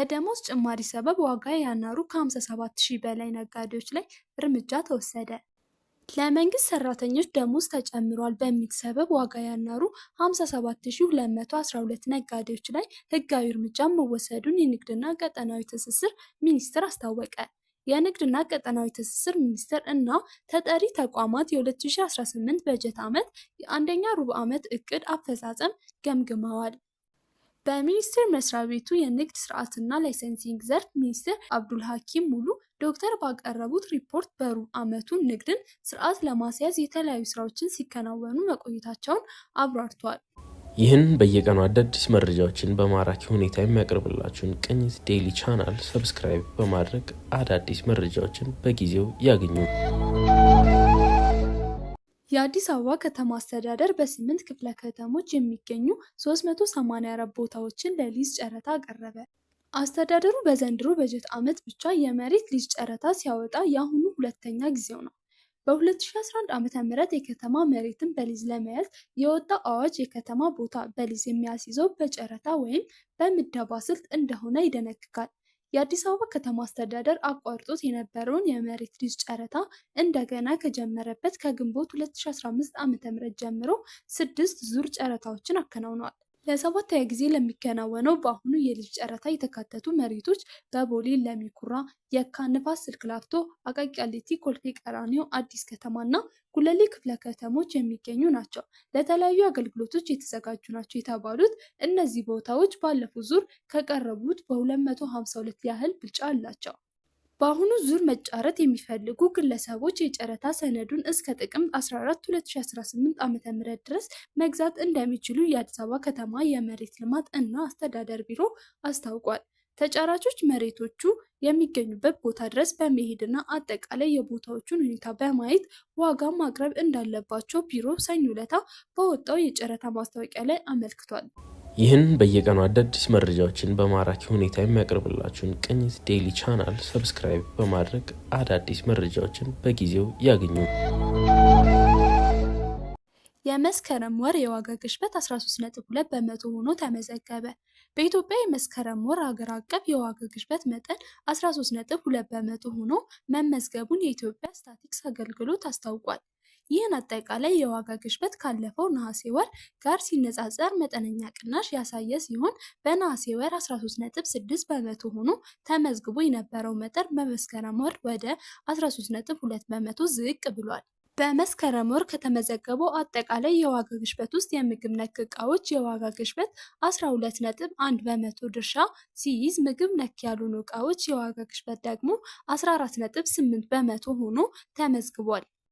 በደሞዝ ጭማሪ ሰበብ ዋጋ ያናሩ ከ57 ሺህ በላይ ነጋዴዎች ላይ እርምጃ ተወሰደ። ለመንግስት ሰራተኞች ደሞዝ ተጨምሯል በሚል ሰበብ ዋጋ ያናሩ 57212 ነጋዴዎች ላይ ህጋዊ እርምጃ መወሰዱን የንግድና ቀጠናዊ ትስስር ሚኒስቴር አስታወቀ። የንግድና ቀጠናዊ ትስስር ሚኒስቴር እና ተጠሪ ተቋማት የ2018 በጀት ዓመት የአንደኛ ሩብ ዓመት እቅድ አፈጻጸም ገምግመዋል። በሚኒስቴር መስሪያ ቤቱ የንግድ ስርዓትና ላይሰንሲንግ ዘርፍ ሚኒስትር ሐኪም ሙሉ ዶክተር ባቀረቡት ሪፖርት በሩብ ዓመቱ ንግድን ስርዓት ለማስያዝ የተለያዩ ስራዎችን ሲከናወኑ መቆየታቸውን አብራርተዋል። ይህን በየቀኑ አዳዲስ መረጃዎችን በማራኪ ሁኔታ የሚያቀርብላችሁን ቅኝት ዴይሊ ቻናል ሰብስክራይብ በማድረግ አዳዲስ መረጃዎችን በጊዜው ያግኙ። የአዲስ አበባ ከተማ አስተዳደር በስምንት ክፍለ ከተሞች የሚገኙ 384 ቦታዎችን ለሊዝ ጨረታ አቀረበ። አስተዳደሩ በዘንድሮ በጀት ዓመት ብቻ የመሬት ሊዝ ጨረታ ሲያወጣ የአሁኑ ሁለተኛ ጊዜው ነው። በ2011 ዓ.ም የከተማ መሬትን በሊዝ ለመያዝ የወጣ አዋጅ የከተማ ቦታ በሊዝ የሚያስይዘው በጨረታ ወይም በምደባ ስልት እንደሆነ ይደነግጋል። የአዲስ አበባ ከተማ አስተዳደር አቋርጦት የነበረውን የመሬት ሊዝ ጨረታ እንደገና ከጀመረበት ከግንቦት 2015 ዓ.ም ጀምሮ ስድስት ዙር ጨረታዎችን አከናውኗል። ለሰባተኛ ጊዜ ለሚከናወነው በአሁኑ የልጅ ጨረታ የተካተቱ መሬቶች በቦሌ ለሚ ኩራ፣ የካ፣ ንፋስ ስልክ ላፍቶ፣ አቃቂ ቃሊቲ፣ ኮልፌ ቀራኒዮ፣ አዲስ ከተማ እና ጉለሌ ክፍለ ከተሞች የሚገኙ ናቸው። ለተለያዩ አገልግሎቶች የተዘጋጁ ናቸው የተባሉት እነዚህ ቦታዎች ባለፉ ዙር ከቀረቡት በ252 ያህል ብልጫ አላቸው። በአሁኑ ዙር መጫረት የሚፈልጉ ግለሰቦች የጨረታ ሰነዱን እስከ ጥቅምት 14 2018 ዓ.ም ድረስ መግዛት እንደሚችሉ የአዲስ አበባ ከተማ የመሬት ልማት እና አስተዳደር ቢሮ አስታውቋል። ተጫራቾች መሬቶቹ የሚገኙበት ቦታ ድረስ በመሄድና አጠቃላይ የቦታዎቹን ሁኔታ በማየት ዋጋ ማቅረብ እንዳለባቸው ቢሮ ሰኞ ዕለት ባወጣው የጨረታ ማስታወቂያ ላይ አመልክቷል። ይህን በየቀኑ አዳዲስ መረጃዎችን በማራኪ ሁኔታ የሚያቀርብላችሁን ቅኝት ዴይሊ ቻናል ሰብስክራይብ በማድረግ አዳዲስ መረጃዎችን በጊዜው ያገኙ። የመስከረም ወር የዋጋ ግሽበት 13.2 በመቶ ሆኖ ተመዘገበ። በኢትዮጵያ የመስከረም ወር ሀገር አቀፍ የዋጋ ግሽበት መጠን 13.2 በመቶ ሆኖ መመዝገቡን የኢትዮጵያ ስታቲክስ አገልግሎት አስታውቋል። ይህን አጠቃላይ የዋጋ ግሽበት ካለፈው ነሐሴ ወር ጋር ሲነጻጸር መጠነኛ ቅናሽ ያሳየ ሲሆን በነሐሴ ወር 13.6 በመቶ ሆኖ ተመዝግቦ የነበረው መጠን በመስከረም ወር ወደ 13.2 በመቶ ዝቅ ብሏል። በመስከረም ወር ከተመዘገበው አጠቃላይ የዋጋ ግሽበት ውስጥ የምግብ ነክ እቃዎች የዋጋ ግሽበት 12.1 በመቶ ድርሻ ሲይዝ ምግብ ነክ ያልሆኑ እቃዎች የዋጋ ግሽበት ደግሞ 14.8 በመቶ ሆኖ ተመዝግቧል።